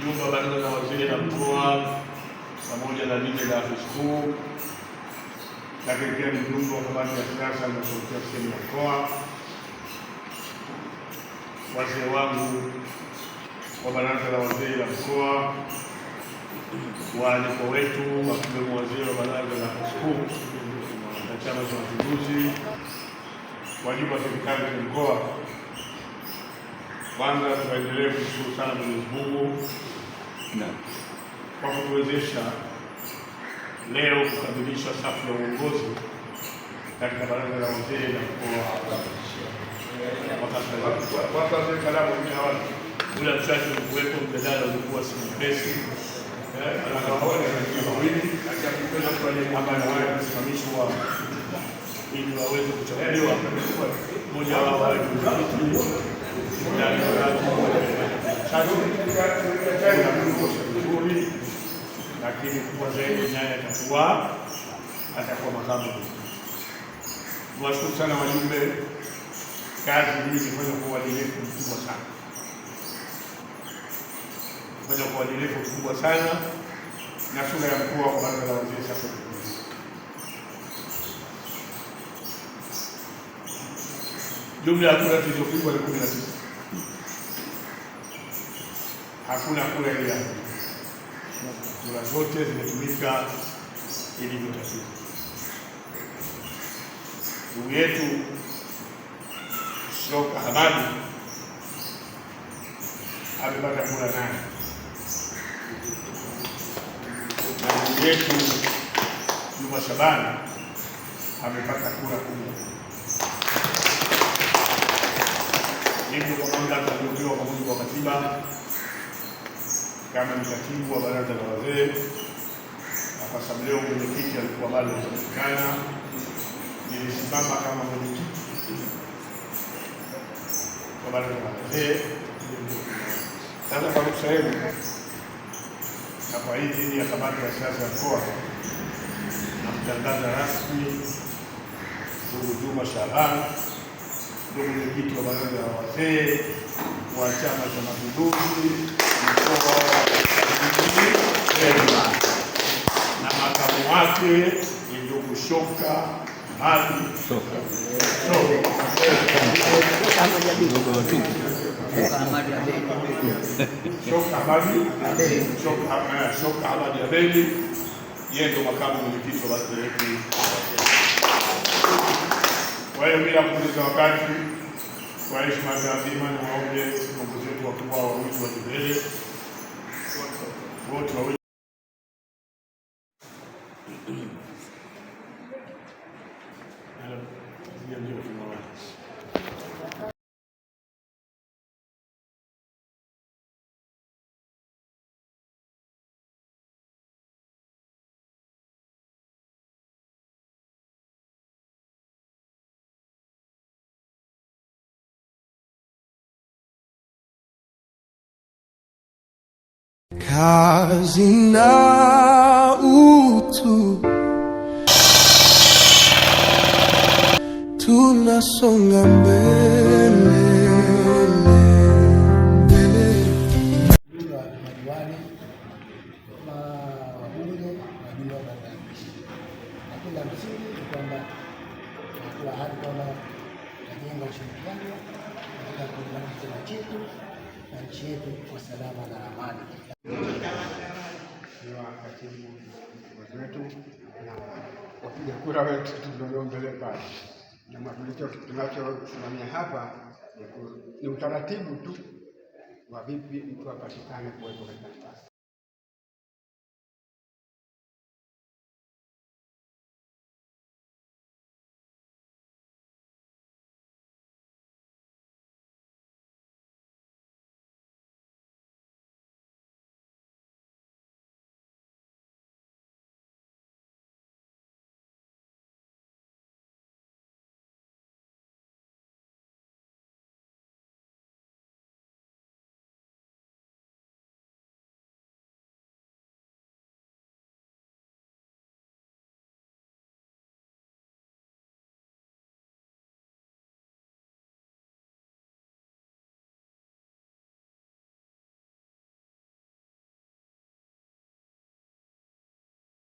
Mjumbe wa Baraza la Mawaziri la Mkoa pamoja na lile la afiskuu lakini pia mjumbe wa kamati ya siasa na kutia sehemu ya mkoa, wazee wangu wa Baraza la Waziri la Mkoa, waalikwa wetu wakiwemo wazee wa Baraza la afisi na Chama cha Mapinduzi, wajibu wa serikali za mkoa kwanza tuendelee kushukuru sana Mwenyezi Mungu kwa kutuwezesha leo kukamilisha safu ya uongozi katika baraza la wazee na mkoa mchache ulikuwepo, mjadala ulikuwa si mpesi eh, kusimamishwa ili waweze kuchaguliwa mmoja wao tena kuosha lakini kubwa zaidi naye atakuwa atakuwa makamu. niwashukuru sana wajumbe, kazi hii imefanya kwa uadilifu mkubwa sana, imefanya kwa uadilifu mkubwa sana na sura ya mkuu wa baraza la wazee sasa jumla ya kura zilizopigwa ni kumi na tisa hakuna kura bila kura, zote zimetumika ilivyotakiwa. Ndugu yetu Shauka Hamadi amepata kura nane na ndugu yetu Juma Shabani amepata kura kumi. kama ni wa baraza la wazee, na kwa sababu leo mwenyekiti alikuwa bado hajapatikana, nilisimama kama mwenyekiti wa baraza la wazee. Sasa kwa ruhusa yenu na kwa idhini ya kamati ya siasa ya mkoa, namtangaza rasmi ndugu Juma Shaban ndio mwenyekiti wa baraza la wazee wa Chama cha Mapinduzi. Denmark na makamu wake ni ndugu Shoka Mali Shoka Hamadi Abedi, yeye ndio makamu mwenyekiti wa baraza letu. Kwa hiyo bila kupoteza wakati Kwa heshima taadhima, niwaombe mkuzetu wakubwa wawili wa milele wote Kazi na utu tunasonga mbele. Mheshimiwa Katibu wetu na wapiga kura wetu tulio mbele pale, na tunachosimamia hapa ni utaratibu tu wa vipi mtu apatikane kuwepo katika nafasi